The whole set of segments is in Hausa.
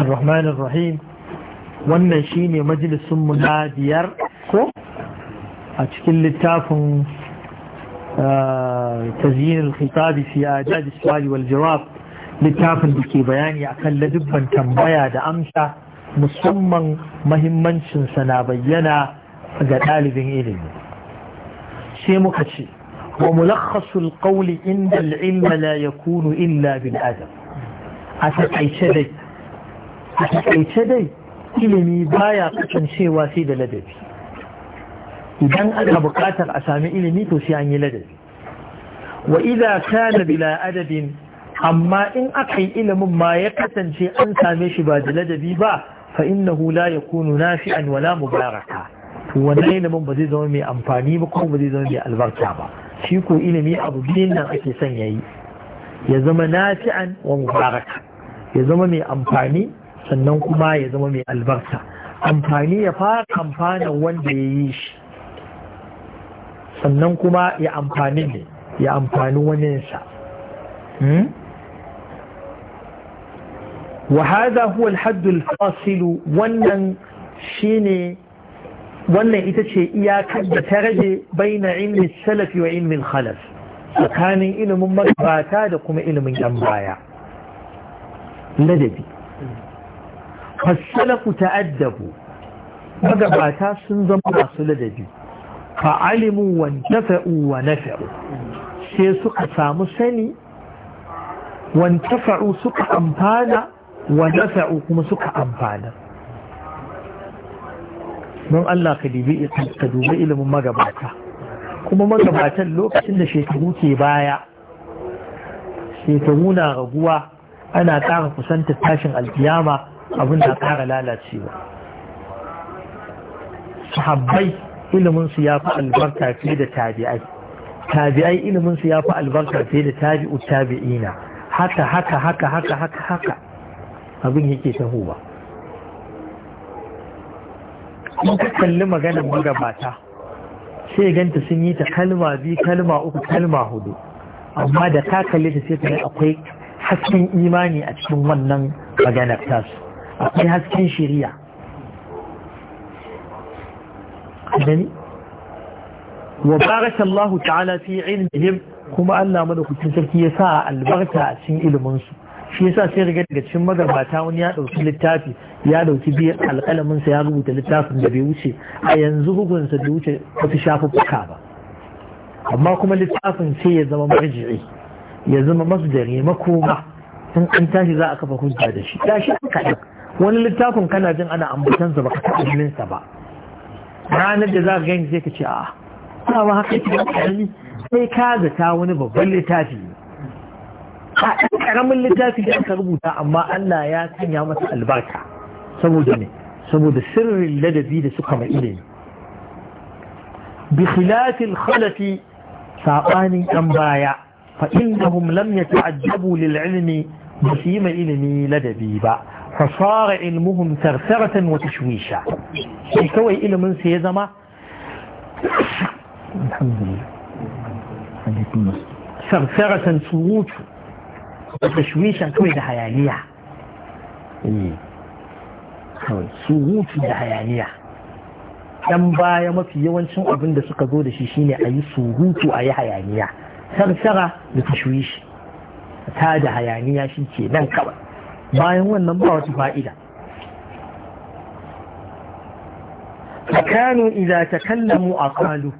الرحمن الرحيم wannan shine majalisunmu na ko a cikin littafin تزيين الخطاب في آداد السؤال والجواب littafin da ke bayani akan ladubban tambaya da amsa musamman mahimmancinsa na bayyana ga ɗalibin ilimi sai muka ce wa mulakhasul ƙauli inda al-ilma la yakunu illa bil adab a taƙaice dai a takaice dai ilimi baya kasancewa sai da ladabi idan aka buƙatar a sami ilimi to sai an yi ladabi wa idza kana bila adabin amma in aka yi ilimin ma ya kasance an same shi ba da ladabi ba fa innahu la yakunu nafi'an wala mubaraka to wannan ilimin ba zai zama mai amfani ba kuma ba zai zama mai albarka ba shi ko ilimi abu biyun nan ake son yayi ya zama nafi'an wa mubaraka ya zama mai amfani sannan kuma ya zama mai albarka amfani ya fara amfanin wanda ya yi shi sannan kuma ya amfani ne ya amfani waninsa وهذا هو الحد الفاصل wannan shine wannan ita ce iyakar da ta rage baina ilmi salafi wa ilmi khalaf tsakanin ilimin magabata da kuma ilimin yan baya ladabi fassalaku ta'addabu magabata sun zama masu ladabi fa'alimu wa nafa'u wa nafa'u sai suka samu sani wa nafa'u suka amfana wa nafa'u kuma suka amfana don Allah ka dubi ka dubi ilimin magabata kuma magabatan lokacin da shekaru ke baya shekaru na raguwa ana ƙara kusantar tashin alkiyama abin da ƙara lalacewa sahabbai iliminsu ya fi albarka fiye da tabi'ai tabi'ai iliminsu ya fi albarka fiye da tabi'u tabi'ina haka haka haka haka haka haka abin yake tahowa in ka kalli maganar magabata sai ganta sun yi ta kalma biyu kalma uku kalma hudu amma da ka kalli ta sai ta akwai hasken imani a cikin wannan maganar tasu akwai hasken shiriya gani wa baraka Allah ta'ala fi ilmihim kuma Allah madaukakin sarki ya sa albarka a cikin ilimin su shi yasa sai riga daga cikin magabata wani ya dauki littafi ya dauki biyar alƙalamin sa ya rubuta littafin da bai wuce a yanzu bugun sa bai wuce wata shafuffuka ba amma kuma littafin sai ya zama marji'i ya zama masdari makoma in an tashi za a kafa hujja da shi ya shi kaɗan wani littafin kana jin ana ambatansa ba ka taɓa ganinsa ba ranar da za ka gani sai ka ce a ba ba haka yake ƙarami sai ka zata wani babban littafi a ɗan ƙaramin littafi da aka rubuta amma Allah ya sanya masa albarka saboda ne saboda sirrin ladabi da suka mai ilimi bi khilafil khalafi sabanin ɗan baya fa innahum lam ta'ajjabu lil ilimi ba su yi mai ilimi ladabi ba فصار علمهم ثرثرة وتشويشا سوى إلى من سيزمع الحمد لله ثرثرة سووت وتشويشا كوي ده حيانية إيه. سووت ده حيانية كم باية ما في يوان شو أبن ده سقضو ده شيشيني أي سووت أي حيانية ثرثرة وتشويش هذا حيانية شيشي نان نعم، كوي bayan wannan ba wata fa'ida fakanu idan ta kallamu a kwalu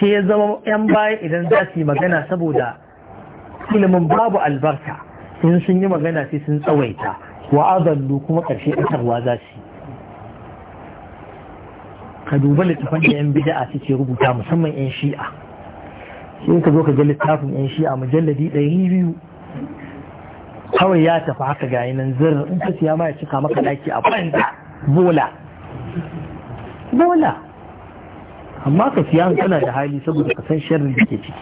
sai ya zama ‘yan baya idan za su yi magana saboda ilimin babu albarka in sun yi magana sai sun tsawaita wa azallu kuma ƙarshe ƙasarwa za su yi. ka duba littafan da 'yan bida'a suke rubuta musamman 'yan shi'a sai ka zo ka ga littafin 'yan shi'a mujalladi biyu. kawai ya tafi haka gayi nan zir in ka siya ma ya cika maka daki a banza bola bola amma ka siya kana da hali saboda ka san sharrin da ke ciki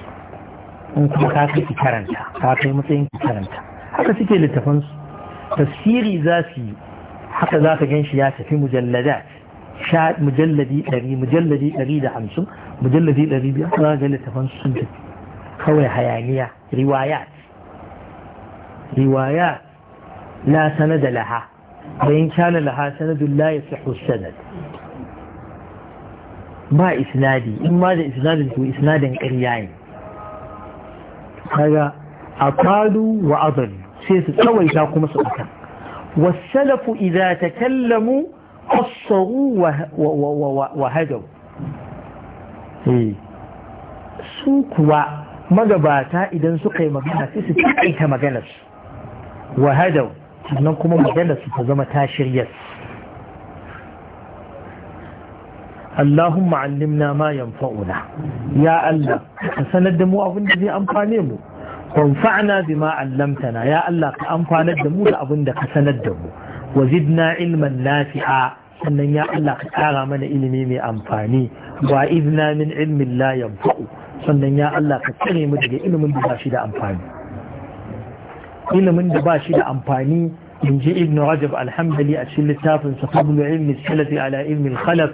in kuma ka kai karanta ka kai matsayin karanta haka suke littafansu tafsiri za su yi haka za ka gan shi ya tafi mujalladat mujalladi ɗari mujalladi ɗari da hamsin mujalladi ɗari biyar za ka ga littafansu sun tafi kawai hayaniya riwayat روايات لا سند لها وإن كان لها سند لا يصح السند ما إسنادي إما ذا إسناد هو إسناد قريان هذا أقالوا وأضل سيس كوي تاقو مسؤولك والسلف إذا تكلموا قصروا وهدوا إيه. سوكوا kuwa إذا سقي مغباتا yi magana sai wa hadau sannan kuma magana su ta zama ta shirya Allahumma allimna ma yanfa'una ya Allah ka sanar da mu abin da zai amfane mu wanfa'na bima 'allamtana ya Allah ka da mu da abin da ka sanar da mu wa zidna ilman nafi'a sannan ya Allah ka kara mana ilimi mai amfani wa izna min ilmin la yanfa'u sannan ya Allah ka tsare mu daga ilimin da ba shi da amfani ilimin da ba shi da amfani in ji ibn rajab alhambali a cikin littafin sa fadlu ilmi salafi ala ilmi khalaf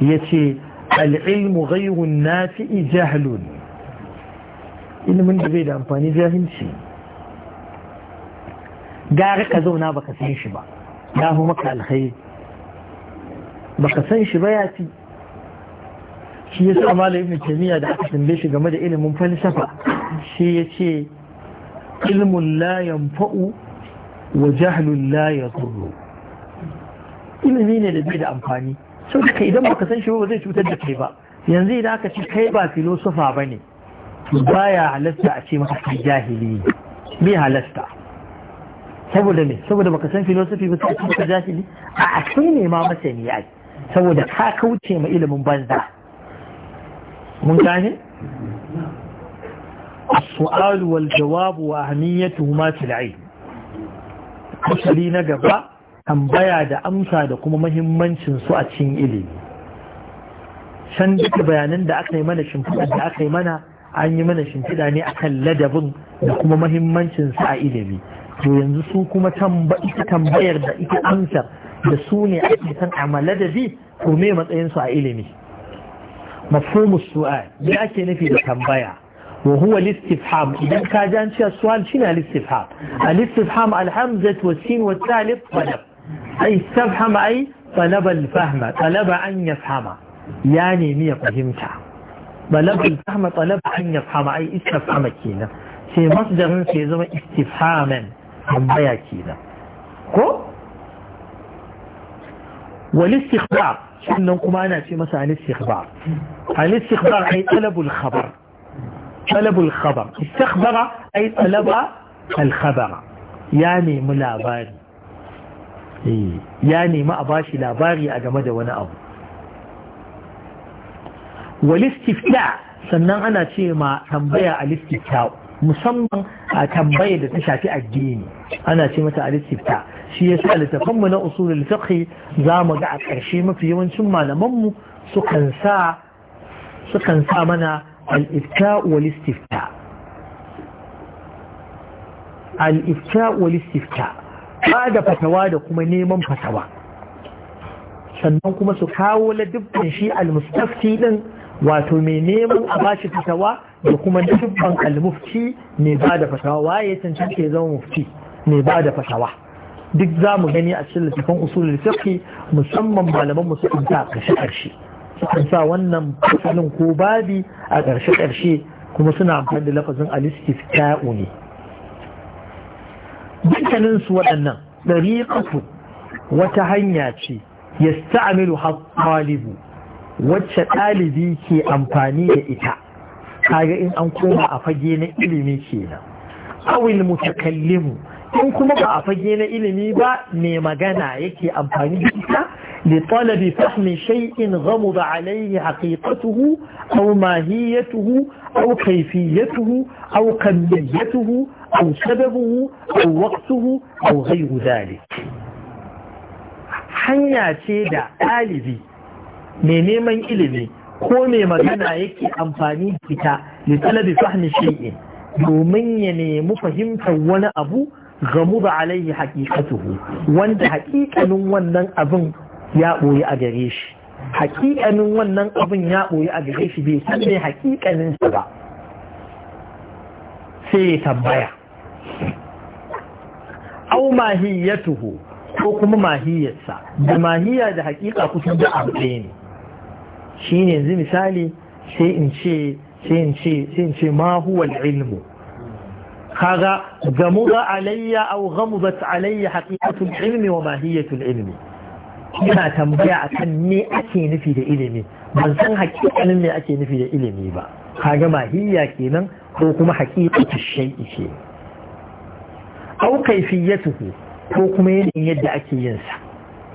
yace al-ilmu ghayru nafi'i jahlun ilimin da bai da amfani jahilci gara ka zauna baka san shi ba ya hu maka alkhairi baka san shi ba ya fi shi yasa malam ibn taymiya da aka tambaye shi game da ilimin falsafa shi ya ce. ilmun la yanfa'u wa jahlun la yadurru ilimi ne da bai da amfani sau da idan baka san shi ba zai cutar da kai ba yanzu idan aka ce kai ba filosofa ba ne Ba ya halasta a ce maka kai jahili bai halasta saboda me saboda baka san filosofi ba sai ka jahili a akai ne ma masani yayi saboda ka kauce ma ilimin banza mun gane السؤال والجواب وأهميتهما في العلم أصلي نقبع تنبيع دا أمسى دا كما مهم منشن سؤال شين إلي شان دك بيانا دا أكني منا شنفدا دا أكني an yi mana shimfiɗa ne akan ladabin da kuma mahimmancin sa ilimi to yanzu su kuma ita tambayar da ita amsar da su ne ake san amma ladabi to me matsayin su a ilimi mafhumu su'al yake ake nufi da tambaya وهو الاستفهام إذا كان شيء السؤال شنو الاستفهام الاستفهام الحمزة والسين والثالث طلب أي استفهم أي طلب الفهم طلب أن يفهم يعني مية فهمتها طلب الفهم طلب أن يفهم أي استفهم كينا في مصدر في زمن استفهاما بيا كينا كو والاستخبار شنو كمان في مثلا الاستخبار الاستخبار أي طلب الخبر طلب الخبر استخبر أي طلب الخبر يعني ملابار يعني ما أباش لا لاباري أجمد وانا أب والاستفتاء سنن أنا شيء ما تنبيع الاستفتاء مصمم تنبيع لتشاكي الدين أنا شيء ما تنبيع الاستفتاء شي يسأل من أصول الفقه زام قعد أرشيم في يوم ثم نممو سكن سكنسا منا al-ifta wal ba da fatawa da kuma neman fatawa sannan kuma su kawo ladubban shi al-mustafti din wato mai neman a bashi fatawa da kuma dubban al-mufti mai ba da fatawa waye cancanta ya zama mufti ne ba da fatawa duk zamu gani a cikin littafin usulul fiqh musamman malaman musulunta karshe karshe sukan sa wannan fasalin ko babi a ƙarshe-ƙarshe kuma suna amfani da lafazin alistifta'u ne dukkanin su waɗannan ɗari ƙasu wata hanya ce ya sta'amilu haƙalibu wacce ɗalibi ke amfani da ita kaga in an koma a fage na ilimi kenan awil mutakallimu in kuma ba a fage na ilimi ba mai magana yake amfani da ita لطلب فهم شيء غمض عليه حقيقته أو ماهيته أو كيفيته أو كميته أو سببه أو وقته أو غير ذلك حيا تيدا آلذي ميني من إلذي كومي مغانا يكي أمفاني تيتا لطلب فهم شيء يومين يومينني مفهم فوان أبو غمض عليه حقيقته وانت حقيقة من وانا أبو ya ɓoye a gare shi hakikanin wannan abin ya ɓoye a gare shi bai san dai hakikanin sa ba sai ya tambaya au mahiyatuhu ko kuma mahiyarsa da mahiya da hakika kusan da abu ɗaya ne shi ne yanzu misali sai in ce sai in ce sai in ce ma huwa ilmu kaga gamuda alayya aw ghamudat alayya haqiqatul ilmi wa mahiyatul ilmi yana tambaya a kan me ake nufi da ilimi ban san hakikanin me ake nufi da ilimi ba kaga mahiyya kenan ko kuma hakikatu shay'i ce au kaifiyatuhu ko kuma yanayin yadda ake yin sa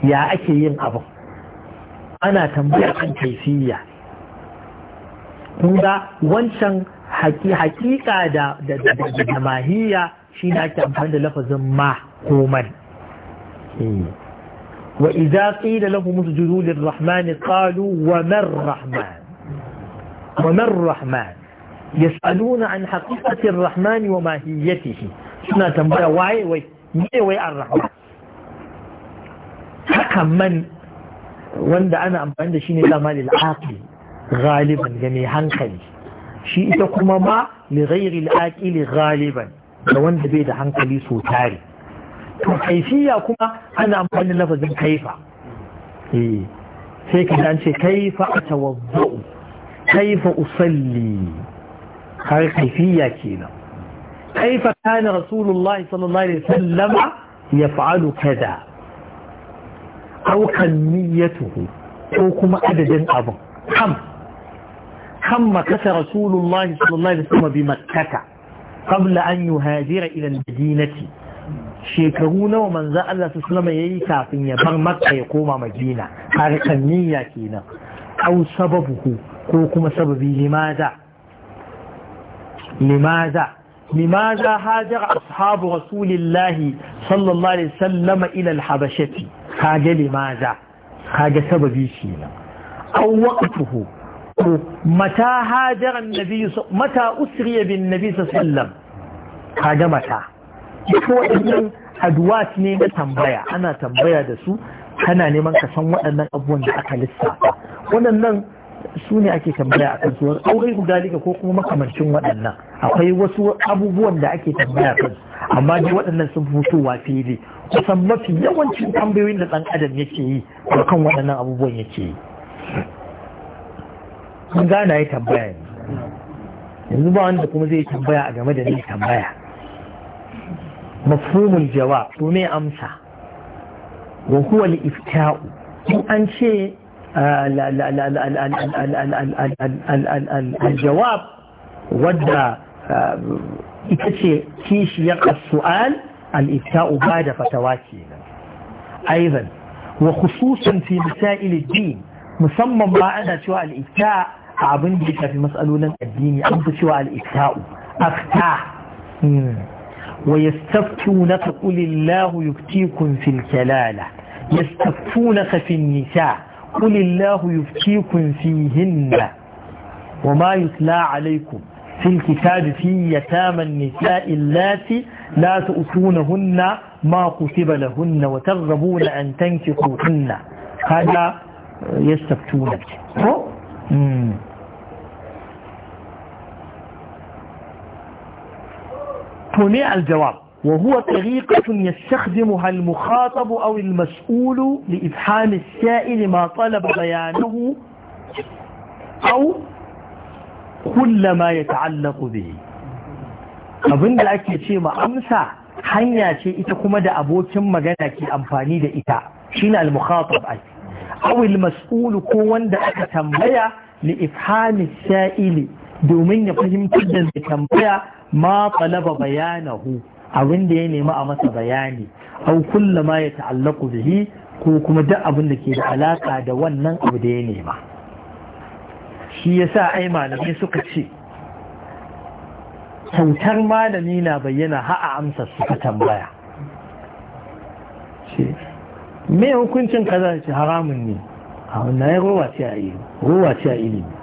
ya ake yin abu ana tambaya kan kaifiyya kuma wancan hakika da da mahiyya shi ne ake amfani da lafazin ma ko man eh. وإذا قيل لهم اسجدوا للرحمن قالوا وما الرحمن وما الرحمن يسألون عن حقيقة الرحمن وماهيته سنة تنبأ وعي وي وي الرحمن حكم من وند أنا أم عند شين الأمال العاقل غالبا جميع يعني هنخل شيء تقوم ما لغير الآكل غالبا وند بيد هنخل سوتاري to kaifiya kuma ana amfani lafazin kaifa eh, sai ka ce kaifa a tawazza'u kaifa usalli har kaifiya kenan kaifa kana rasulullahi sallallahu alaihi sallama ya fa'alu kaza aukan niyyatuhu ko kuma adadin abin kam kam makasa rasulullahi sallallahu alaihi sallama bi makkata Kabla an yuhajira idan al-madinati shekaru nawa manzan Allah su sulama ya yi kafin ya bar makka ya koma madina harkar niyya kenan au sababuhu ko kuma sababi limaza limaza limaza hajar ashabu rasulillahi sallallahu alaihi sallama ila alhabashati kaga limaza kaga sababi kenan au waqtuhu متى هاجر النبي متى أسري بالنبي bin الله عليه وسلم هذا mata. ko waɗannan adwat ne na tambaya ana tambaya da su kana neman ka san waɗannan abubuwan da aka lissafa waɗannan su ne ake tambaya a su. wasu aurai ku dalika ko kuma makamancin waɗannan akwai wasu abubuwan da ake tambaya kan su. amma dai waɗannan sun wa fili kusan mafi yawancin tambayoyin da ɗan adam yake yi da kan waɗannan abubuwan yake yi kun gana ya tambaya yanzu ba wanda kuma zai tambaya a game da ni tambaya mafhumul jawab to me amsa wa huwa al-ifta'u in an ce al-jawab wadda ita ce kishiyar su'al al-ifta'u ba da fatawa kenan aidan wa khususan fi masail ad musamman ba ana cewa al-ifta abin da ya shafi matsalolin addini an fi cewa al-ifta'u afta ويستفتونك قل الله يفتيكم في الكلالة يستفتونك في النساء قل الله يفتيكم فيهن وما يتلى عليكم في الكتاب في يتامى النساء اللاتي لا تؤتونهن ما كتب لهن وترغبون أن تنكحوهن هذا يستفتونك هنا الجواب وهو طريقة يستخدمها المخاطب أو المسؤول لإفحام السائل ما طلب بيانه أو كل ما يتعلق به أظن لك شيء ما أمسى حنيا شيء إتكم دا أبو ما قالك أمفاني دا إتا شين المخاطب أي أو المسؤول كون دا أكتم بيا لإفحام السائل domin ya fahimtar da mai tambaya ma bayana bayanahu abin da ya nema a masa bayani au kulla ma ya ta'allaku bihi ko kuma duk abin da ke da alaka da wannan abu da ya nema shi yasa ai malamai suka ce kyautar malami na bayyana ha'a amsa suka tambaya me hukuncin kaza ce haramun ne a wannan rowa ce a ilimi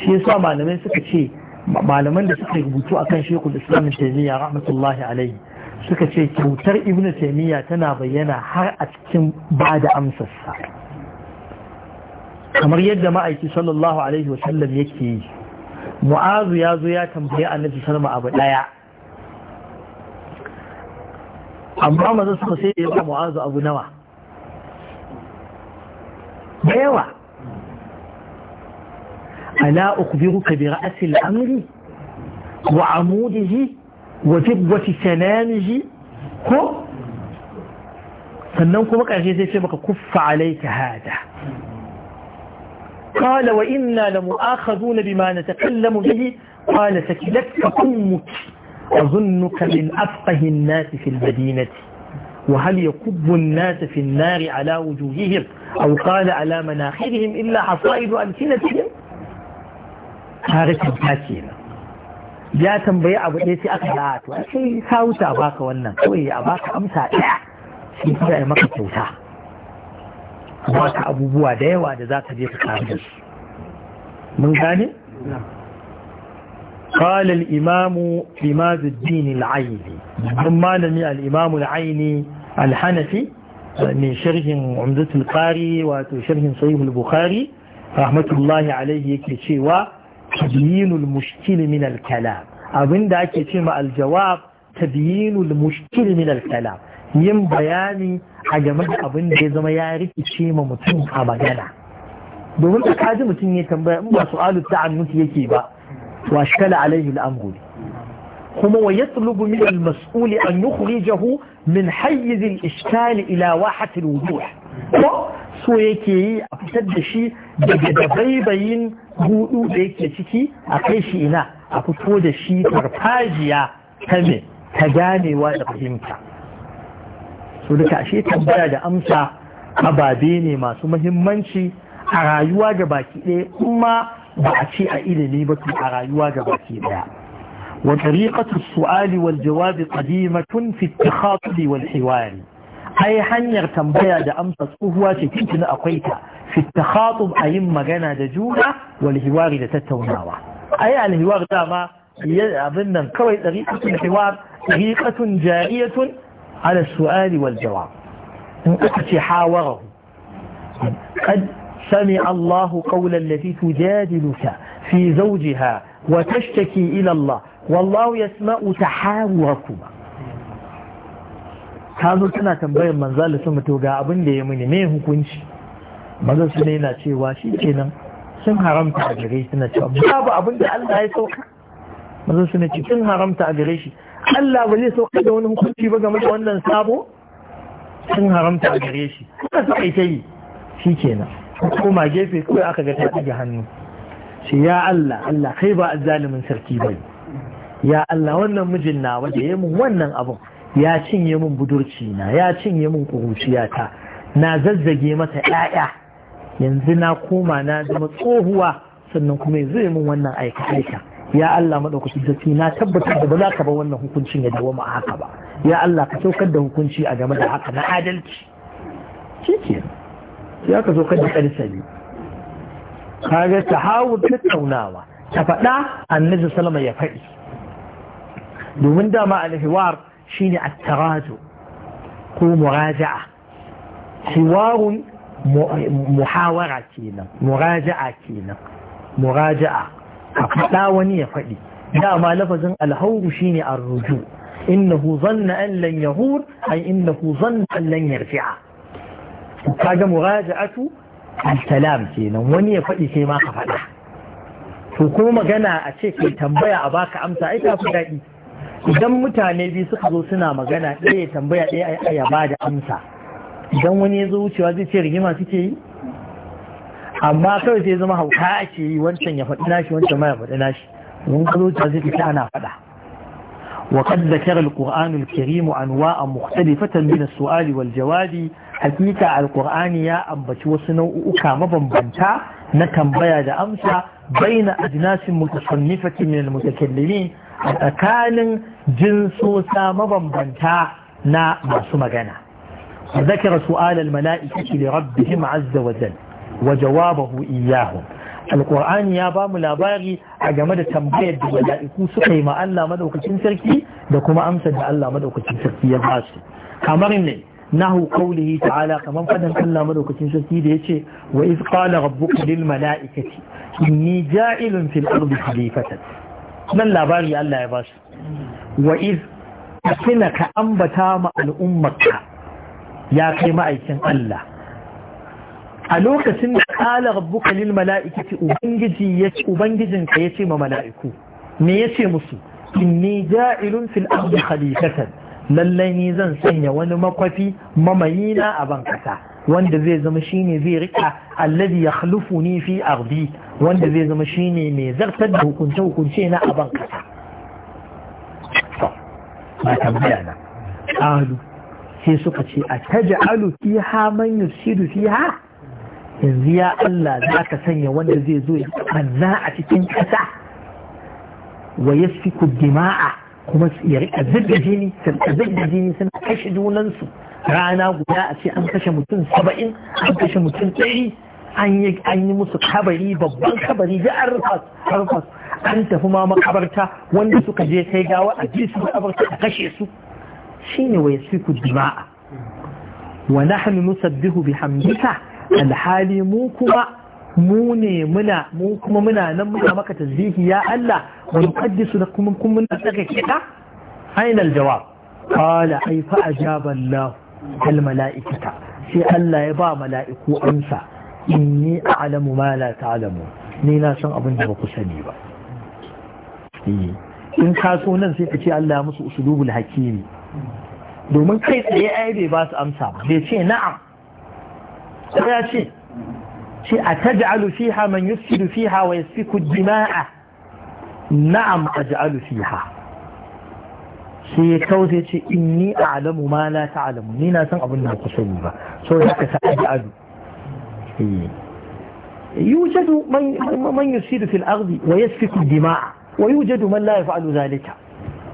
shi yasa malamai suka ce malaman da suka rubutu akan shekul islam taimiyya rahmatullahi alaihi suka ce kyautar ibn taimiyya tana bayyana har a cikin ba da amsarsa kamar yadda ma'aiki sallallahu alaihi wasallam yake yi mu'azu ya zo ya tambaye annabi salma abu daya amma maza suka sai da ya ba mu'azu abu nawa da yawa ألا أخبرك برأس الأمر وعموده وجبوة سنانه هو فنوكم أخيزي سيبك كف عليك هذا قال وإنا لمؤاخذون بما نتكلم به قال سكلتك أمك أظنك من أفقه الناس في المدينة وهل يكب الناس في النار على وجوههم أو قال على مناخرهم إلا حصائد ألسنتهم tarikin ta ce ya tambayi abu ɗaya sai aka da to sai ka baka wannan kawai a baka amsa ɗaya shi kuma ya maka kyauta baka abubuwa da yawa da za ka je ka kawo da su mun gane قال الإمام لماذ الدين العيني ثم لمي الإمام العيني الحنفي من شرح عمدة القاري وشرح صحيح البخاري رحمة الله عليه يكتشي tabyinul mushkil min al-kalam abinda ake ce ma al-jawab tabyinul mushkil min al-kalam yin bayani a game da abin da ya zama ya rikice ma mutum a magana domin da kaji mutum ya tambaya in ba su'alu ta'annuti yake ba wa shkala alaihi al kuma wa yatlubu min al-mas'ul an yukhrijahu min hayyiz al-ishkal ila wahat al-wuduh so yake yi a fitar da shi daga dabaibayin Huɗu da yake ciki a kai shi ina a fito da shi farfajiya ta me ta ganewa da fahimta su duka tambaya da amsa ababe ne masu mahimmanci a rayuwa ga baki ɗaya kuma ba a ce a ilimi ba a rayuwa ga baki ɗaya وطريقة السؤال fi قديمة في التخاطب والحوار ai hanyar tambaya da amsa tsohuwa ce tuntuni akwai ta fi takhatub a yin magana da juna wal hiwari da tattaunawa ai al hiwar dama abin nan kawai dariqatul hiwar dariqatun jariyatun ala su'ali wal jawab in aka ce hawarahu qad سمع الله قول التي تجادلك في زوجها وتشتكي إلى الله والله يسمع تحاوركما ta zo tana tambayar manzo da sun mutu ga abin da ya mini mai hukunci manzo su ne na cewa shi kenan sun haramta a gare shi suna cewa babu abin da Allah ya sauka manzo su ne ce sun haramta a gare shi Allah ba zai sauka da wani hukunci ba game da wannan sabo sun haramta a gare shi suka suka yi ta yi shi kenan koma gefe kawai aka ga ta ga hannu shi ya Allah Allah kai ba a zalimin sarki bai ya Allah wannan mijin na da ya mun wannan abin ya cinye min budurci na ya cinye min ƙuruciyata na zazzage mata ƴaƴa yanzu na koma na zama tsohuwa sannan kuma yanzu yi min wannan aika aika ya Allah maɗaukacin sarki na tabbatar da ba za ka ba wannan hukuncin ya dawo mu a haka ba ya Allah ka saukar da hukunci a game da haka na adalci shi ya ka saukar da ƙarsali kaga ta hawo tattaunawa ta faɗa annabi salama ya faɗi domin dama alhiwar shine at ko muraja'a hiwarun muhawara kenan muraja'a kenan muraja'a ka faɗa wani ya faɗi dama lafazin alhauru shine ar-ruju innahu zanna an lan yahur ay innahu zanna an lan yarfi'a kaga muraja'atu al kenan wani ya faɗi sai ma ka faɗa to kuma magana a ce kai tambaya a baka amsa ai ta fi daɗi idan mutane biyu suka zo suna magana ɗaya tambaya ɗaya ya ba da amsa idan wani ya zo wucewa zai ce rigima suke yi amma kawai sai zama hauka ake yi wancan ya faɗi nashi wancan ya faɗi nashi mun ka zo wucewa zai fita ana faɗa wa kad zakara alquran alkarim anwa'a mukhtalifatan min as-su'ali wal jawabi hakika alqurani ya ambaci wasu nau'uka mabambanta na tambaya da amsa baina ajnasin mutasannifatin min al-mutakallimin a tsakanin jinsusa mabambanta na masu magana ذكر سؤال الملائكة لربهم عز وجل وجوابه إياهم القرآن يا بام لاباري أجمد تنبيه الملائكة سقيما ألا مدوك تنسركي دكما أمسد ألا مدوك تنسركي يباسي كمرني نهو قوله تعالى كمان فدن ألا مدوك تنسركي ديشي وإذ قال ربك للملائكة إني جائل في الأرض خليفة nan labari Allah ya ba su wa iz kina ka ambata ma al'ummarka ya kai ma'aikin Allah a lokacin da kala rabbuka lil mala'ikati ubangiji yace ya ce ma mala'iku me ya ce musu inni ja'ilun fil ardi khalifatan lallai ni zan sanya wani makwafi mamayina a ban wanda zai zama shine zai rika alladhi yakhlufuni fi ardi wanda zai zama shine mai zartar da hukunce-hukunce na aban kasa ba tambaya na Alu sai suka ce a taja alu fi ha man yusidu fi ha yanzu ya Allah za ka sanya wanda zai zo ya manna a cikin ƙasa wa yasfiku dima'a kuma ya rika zubda jini suna zubda jini suna kashe junansu rana guda a ce an kashe mutum saba'in an kashe mutum ɗari an yi an yi musu kabari babban kabari da an rufa an tafi ma makabarta wanda suka je sai gawa a ji su makabarta a kashe su shine wai siku dima'a wa nahnu nusabbihu bihamdika alhali mu kuma mu ne muna mu kuma muna nan muna maka tasbihi ya Allah wa nuqaddisu kuma kun muna tsaka kida aina aljawab qala ay fa ajaba Allah al malaikata sai Allah ya ba mala'iku amsa inni a'lamu ma la ta'lamu ni na san abin da ba ku sani ba eh, in ka so nan sai ka ce Allah musu usulubul hakimi domin kai tsaye ai bai ba su amsa bai ce na'am sai ya ce ce a taj'alu fiha man yufsidu fiha wa yasfiku dima'a na'am aj'alu fiha sai ya kawo sai ce inni a'lamu ma la ta'lamu ni na san abin da ba ku sani ba so ya ka sa aj'alu يوجد من من يفسد في الأرض ويسفك الدماء ويوجد من لا يفعل ذلك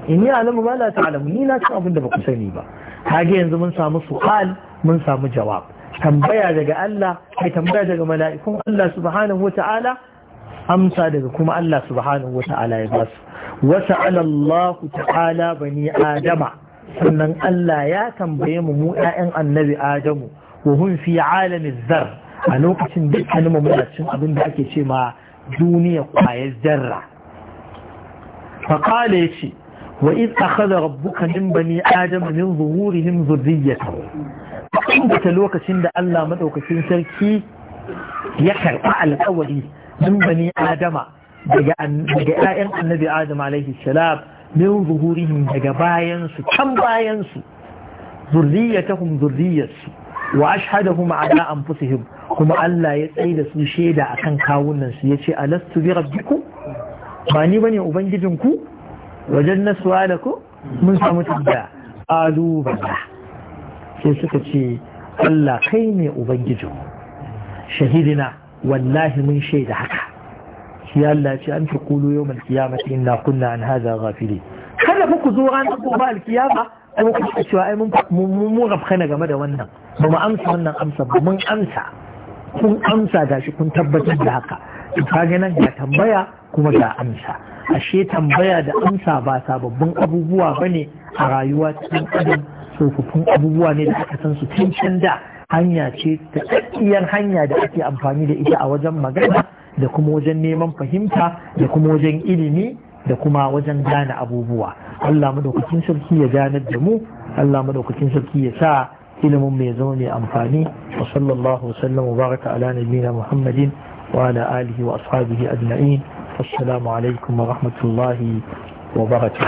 إن ni na san abin da ba ku sani ba kage yanzu mun samu su'al mun samu jawab tambaya daga Allah kai tambaya daga mala'ikun Allah subhanahu wata'ala amsa daga kuma Allah subhanahu wata'ala ya basu wa ta'ala Allah ta'ala bani adama sannan Allah ya tambaye mu mu ƴaƴan annabi Adamu wa hum fi zar a lokacin dukkanin mu cin abin da ake ce ma duniya kwayar zarra faƙala ya ce wa iz akhadha rabbuka min bani adama min zuhurihim zurriyyatahum inda lokacin da Allah madaukakin sarki ya karɓi alƙawari min bani adama daga ‘ya'yan annabi adam alaihi salam min zuhurihim daga bayansu can bayansu zurriyatahum zurriyarsu wa ashhadahum ala anfusihim kuma Allah ya tsaye da su shaida akan kawunan su yace alastu bi rabbikum ba ni bane ubangijinku wajanna su'alaku mun samu tambaya qalu bala sai suka ce Allah kai ne ubangijin shahidina wallahi mun shaida haka shi Allah ce an taqulu yawmal qiyamati inna kunna an hadha ghafilin kada ku zo ran ku ba an kuka cewa ai mun mun rafkana game da wannan ba mu amsa wannan amsa ba mun amsa kun amsa da shi kun tabbatar da haka ka ga nan ga tambaya kuma ga amsa ashe tambaya da amsa ba sababbin abubuwa bane a rayuwa cikin adam tsofaffin abubuwa ne da aka san su tun can da hanya ce ta tsakiyar hanya da ake amfani da ita a wajen magana da kuma wajen neman fahimta da kuma wajen ilimi da kuma wajen gane abubuwa Allah madaukakin sarki ya ganar da mu Allah madaukakin sarki ya sa ilimin mai zama mai amfani wa sallallahu wa baraka ala nabiyina Muhammadin wa ala alihi wa ashabihi ajma'in assalamu alaikum wa rahmatullahi wa barakatuh